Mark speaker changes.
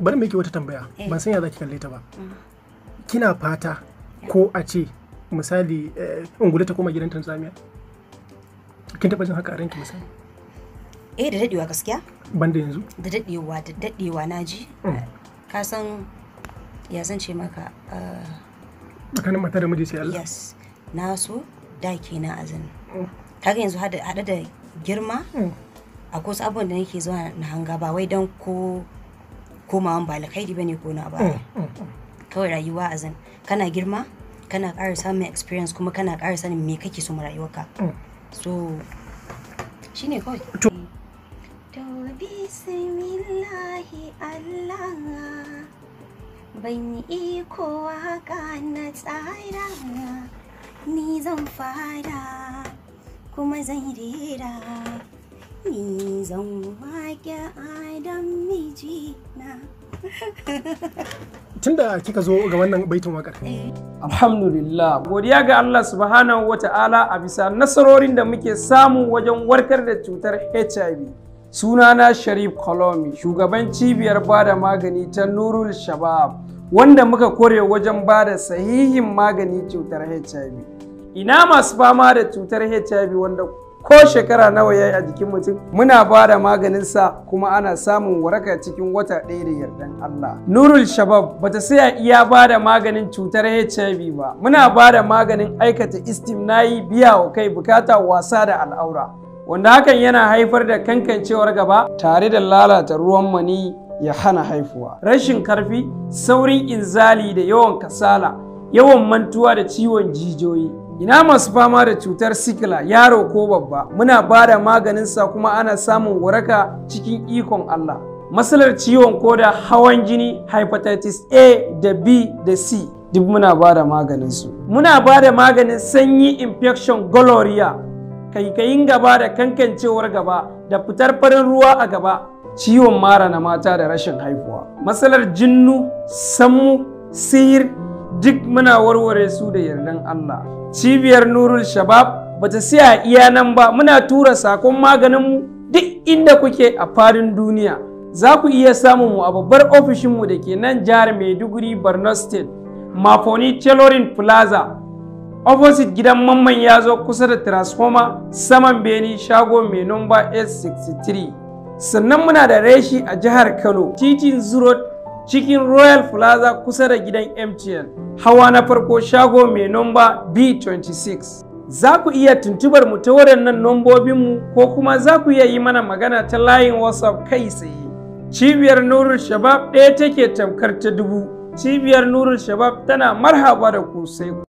Speaker 1: bari miki wata tambaya eh. ban san ya za ki kalle ta ba ah. kina fata ko a ce misali eh, ungule ta koma gidan tanzania kin taɓa jin haka a ranki misali eh da daɗewa gaskiya banda yanzu da daɗewa da daɗewa na ji mm. eh, ka san ya zan ce maka ah, tsakanin mata da miji sai Allah yes na so da ke na azumi. Mm. kaga yanzu hada da girma mm. a kusa abubuwan da nake zuwa na hanga ba wai don ko komawan ba alkhairi bane ko na ba mm, mm, mm. kawai rayuwa azan kana girma kana ƙara samun experience kuma kana ƙara sanin me kake so rayuwarka so shine kawai to bismillahi Allah ban yi iko haka na tsara ni zan fara kuma zan rera ni zan wake adam miji tunda kika zo ga wannan baitin wakar
Speaker 2: alhamdulillah godiya ga Allah subhanahu wata'ala a bisa nasarorin da muke samu wajen warkar da cutar HIV sunana Sharif Kolomi shugaban cibiyar bada magani ta Nurul Shabab wanda muka kore wajen bada sahihin magani cutar HIV ina masu fama da cutar HIV wanda ko shekara nawa ya yi a jikin mutum muna ba da sa kuma ana samun waraka cikin wata ɗaya da yardan Allah. Nurul Shabab bata saya iya ba da maganin cutar HIV ba muna ba da maganin aikata istimnayi biya wa kai bukata wasa da al'aura wanda hakan yana haifar da kankancewar gaba tare da lalata ruwan mani ya hana haifuwa. Rashin karfi, saurin inzali da yawan kasala, yawan mantuwa da ciwon jijiyoyi. ina masu fama da cutar sikila yaro ko babba muna bada maganin sa kuma ana samun waraka cikin ikon Allah matsalar ciwon koda hawan jini hepatitis A da B da C duk muna ba da maganinsu muna ba da maganin sanyi infection gonorrhea kaikayin gaba da kankancewar gaba da fitar farin ruwa a gaba ciwon mara na mata da rashin haihuwa matsalar jinnu sammu sihir duk muna warware su da yardan Allah cibiyar nurul shabab bata siya iya nan ba muna tura sakon maganinmu duk inda kuke a fadin duniya za ku iya samun mu a babbar ofishinmu da ke nan jihar maiduguri borno state mafoni tailoring plaza opposite gidan mamman ya zo kusa da transformer saman beni shago mai nomba 863 sannan muna da reshi a jihar kano titin zuro cikin royal plaza kusa da gidan mtn hawa na farko shago mai nomba b26 za ku iya tuntubar mu ta waɗannan mu? ko kuma za ku iya yi mana magana ta layin whatsapp kai tsaye cibiyar nurul shabab ɗaya take tamkar ta dubu cibiyar nurul shabab tana marhaba da ku sai